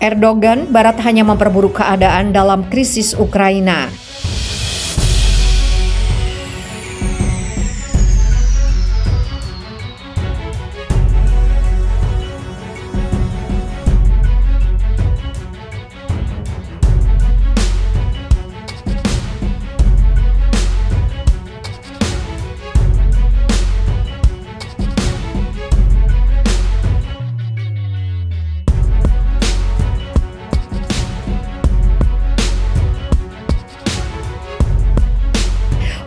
Erdogan, Barat hanya memperburuk keadaan dalam krisis Ukraina.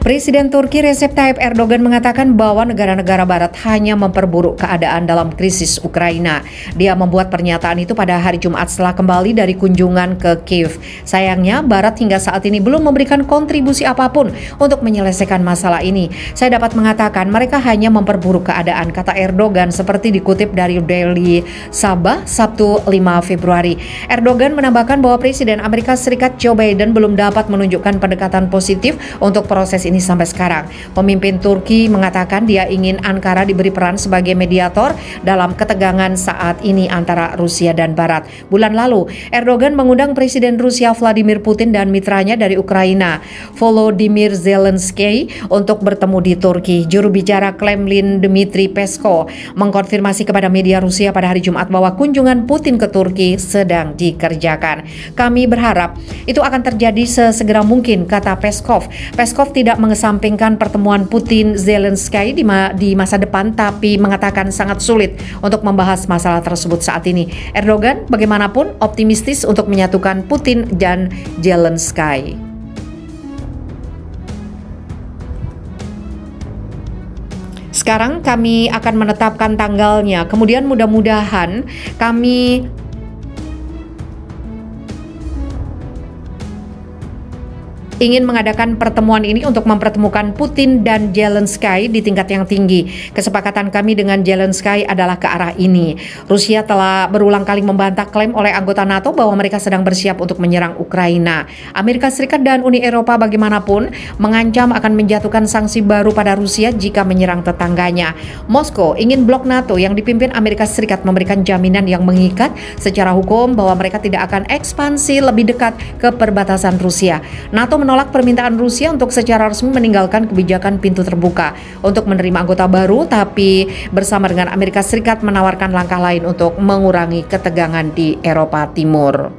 Presiden Turki Recep Tayyip Erdogan mengatakan bahwa negara-negara barat hanya memperburuk keadaan dalam krisis Ukraina. Dia membuat pernyataan itu pada hari Jumat setelah kembali dari kunjungan ke Kiev. Sayangnya, barat hingga saat ini belum memberikan kontribusi apapun untuk menyelesaikan masalah ini. Saya dapat mengatakan mereka hanya memperburuk keadaan, kata Erdogan seperti dikutip dari Daily Sabah Sabtu 5 Februari. Erdogan menambahkan bahwa Presiden Amerika Serikat Joe Biden belum dapat menunjukkan pendekatan positif untuk proses ini ini sampai sekarang. Pemimpin Turki mengatakan dia ingin Ankara diberi peran sebagai mediator dalam ketegangan saat ini antara Rusia dan Barat. Bulan lalu, Erdogan mengundang Presiden Rusia Vladimir Putin dan mitranya dari Ukraina, Volodymyr Zelensky, untuk bertemu di Turki. Juru bicara Kremlin Dmitry Peskov mengkonfirmasi kepada media Rusia pada hari Jumat bahwa kunjungan Putin ke Turki sedang dikerjakan. Kami berharap itu akan terjadi sesegera mungkin, kata Peskov. Peskov tidak meng mengesampingkan pertemuan Putin Zelensky di, ma di masa depan tapi mengatakan sangat sulit untuk membahas masalah tersebut saat ini. Erdogan bagaimanapun optimistis untuk menyatukan Putin dan Zelensky. Sekarang kami akan menetapkan tanggalnya. Kemudian mudah-mudahan kami ingin mengadakan pertemuan ini untuk mempertemukan Putin dan Zelensky di tingkat yang tinggi. Kesepakatan kami dengan Zelensky adalah ke arah ini. Rusia telah berulang kali membantah klaim oleh anggota NATO bahwa mereka sedang bersiap untuk menyerang Ukraina. Amerika Serikat dan Uni Eropa bagaimanapun mengancam akan menjatuhkan sanksi baru pada Rusia jika menyerang tetangganya. Moskow ingin blok NATO yang dipimpin Amerika Serikat memberikan jaminan yang mengikat secara hukum bahwa mereka tidak akan ekspansi lebih dekat ke perbatasan Rusia. NATO menolak permintaan Rusia untuk secara resmi meninggalkan kebijakan pintu terbuka untuk menerima anggota baru, tapi bersama dengan Amerika Serikat menawarkan langkah lain untuk mengurangi ketegangan di Eropa Timur.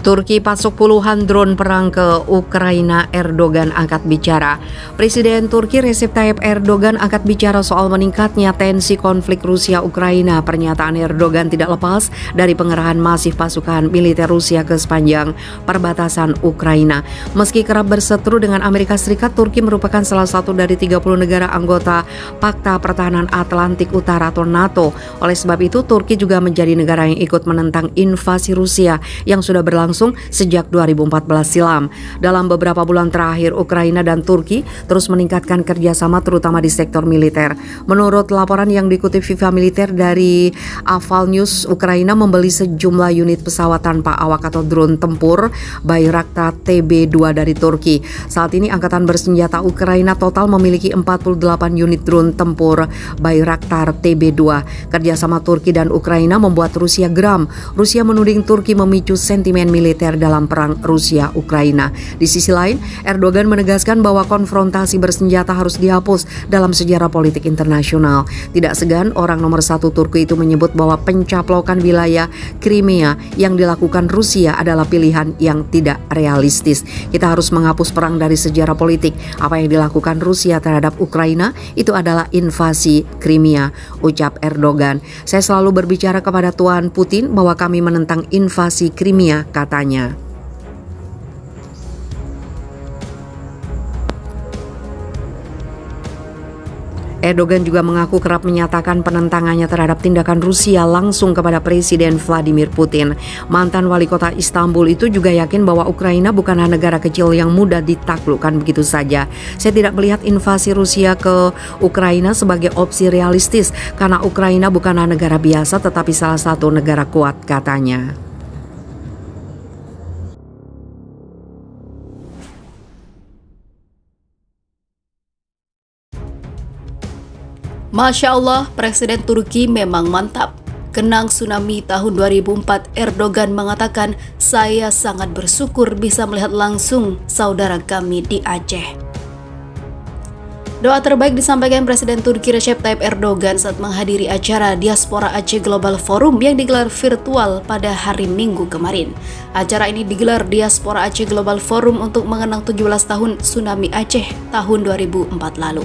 Turki pasok puluhan drone perang ke Ukraina, Erdogan angkat bicara. Presiden Turki Recep Tayyip Erdogan angkat bicara soal meningkatnya tensi konflik Rusia-Ukraina. Pernyataan Erdogan tidak lepas dari pengerahan masif pasukan militer Rusia ke sepanjang perbatasan Ukraina. Meski kerap berseteru dengan Amerika Serikat, Turki merupakan salah satu dari 30 negara anggota Pakta Pertahanan Atlantik Utara atau NATO. Oleh sebab itu, Turki juga menjadi negara yang ikut menentang invasi Rusia yang sudah berlangsung berlangsung sejak 2014 silam. Dalam beberapa bulan terakhir, Ukraina dan Turki terus meningkatkan kerjasama terutama di sektor militer. Menurut laporan yang dikutip FIFA Militer dari Aval News, Ukraina membeli sejumlah unit pesawat tanpa awak atau drone tempur Bayraktar TB2 dari Turki. Saat ini Angkatan Bersenjata Ukraina total memiliki 48 unit drone tempur Bayraktar TB2. Kerjasama Turki dan Ukraina membuat Rusia geram. Rusia menuding Turki memicu sentimen militer militer dalam perang Rusia-Ukraina. Di sisi lain, Erdogan menegaskan bahwa konfrontasi bersenjata harus dihapus dalam sejarah politik internasional. Tidak segan, orang nomor satu Turki itu menyebut bahwa pencaplokan wilayah Crimea yang dilakukan Rusia adalah pilihan yang tidak realistis. Kita harus menghapus perang dari sejarah politik. Apa yang dilakukan Rusia terhadap Ukraina itu adalah invasi Crimea, ucap Erdogan. Saya selalu berbicara kepada Tuan Putin bahwa kami menentang invasi Crimea, kata katanya. Erdogan juga mengaku kerap menyatakan penentangannya terhadap tindakan Rusia langsung kepada Presiden Vladimir Putin. Mantan wali kota Istanbul itu juga yakin bahwa Ukraina bukanlah negara kecil yang mudah ditaklukkan begitu saja. Saya tidak melihat invasi Rusia ke Ukraina sebagai opsi realistis karena Ukraina bukanlah negara biasa tetapi salah satu negara kuat katanya. Masya Allah, Presiden Turki memang mantap. Kenang tsunami tahun 2004, Erdogan mengatakan, saya sangat bersyukur bisa melihat langsung saudara kami di Aceh. Doa terbaik disampaikan Presiden Turki Recep Tayyip Erdogan saat menghadiri acara Diaspora Aceh Global Forum yang digelar virtual pada hari Minggu kemarin. Acara ini digelar Diaspora Aceh Global Forum untuk mengenang 17 tahun tsunami Aceh tahun 2004 lalu.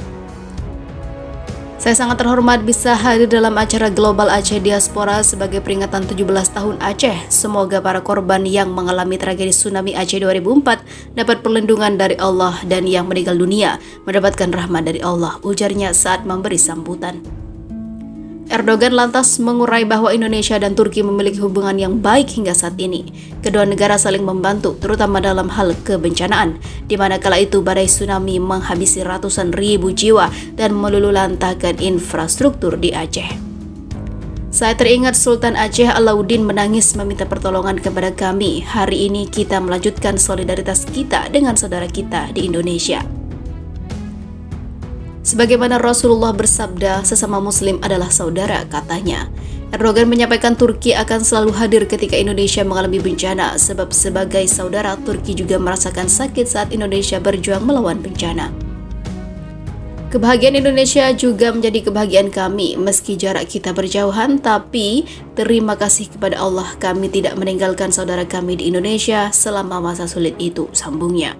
Saya sangat terhormat bisa hadir dalam acara Global Aceh Diaspora sebagai peringatan 17 tahun Aceh. Semoga para korban yang mengalami tragedi tsunami Aceh 2004 dapat perlindungan dari Allah dan yang meninggal dunia mendapatkan rahmat dari Allah, ujarnya saat memberi sambutan. Erdogan lantas mengurai bahwa Indonesia dan Turki memiliki hubungan yang baik hingga saat ini. Kedua negara saling membantu, terutama dalam hal kebencanaan, di mana kala itu badai tsunami menghabisi ratusan ribu jiwa dan melululantakan infrastruktur di Aceh. Saya teringat Sultan Aceh Alauddin menangis meminta pertolongan kepada kami. Hari ini kita melanjutkan solidaritas kita dengan saudara kita di Indonesia. Sebagaimana Rasulullah bersabda, sesama muslim adalah saudara katanya. Erdogan menyampaikan Turki akan selalu hadir ketika Indonesia mengalami bencana sebab sebagai saudara Turki juga merasakan sakit saat Indonesia berjuang melawan bencana. Kebahagiaan Indonesia juga menjadi kebahagiaan kami meski jarak kita berjauhan tapi terima kasih kepada Allah kami tidak meninggalkan saudara kami di Indonesia selama masa sulit itu sambungnya.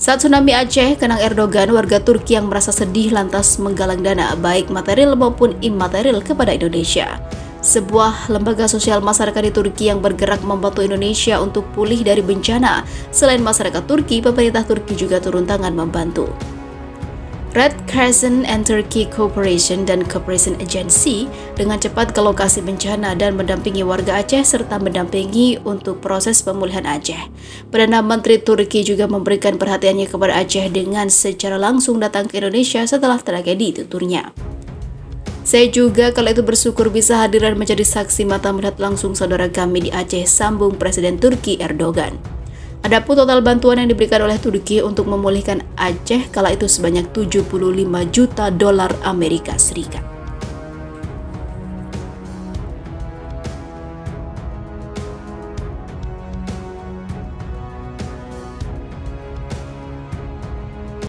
Saat tsunami Aceh, kenang Erdogan warga Turki yang merasa sedih lantas menggalang dana baik material maupun imaterial kepada Indonesia. Sebuah lembaga sosial masyarakat di Turki yang bergerak membantu Indonesia untuk pulih dari bencana. Selain masyarakat Turki, pemerintah Turki juga turun tangan membantu. Red Crescent and Turkey Corporation dan Cooperation Agency dengan cepat ke lokasi bencana dan mendampingi warga Aceh serta mendampingi untuk proses pemulihan Aceh. Perdana Menteri Turki juga memberikan perhatiannya kepada Aceh dengan secara langsung datang ke Indonesia setelah tragedi tuturnya. Saya juga kala itu bersyukur bisa hadir menjadi saksi mata melihat langsung saudara kami di Aceh, sambung Presiden Turki Erdogan. Adapun total bantuan yang diberikan oleh Turki untuk memulihkan Aceh kala itu sebanyak 75 juta dolar Amerika Serikat.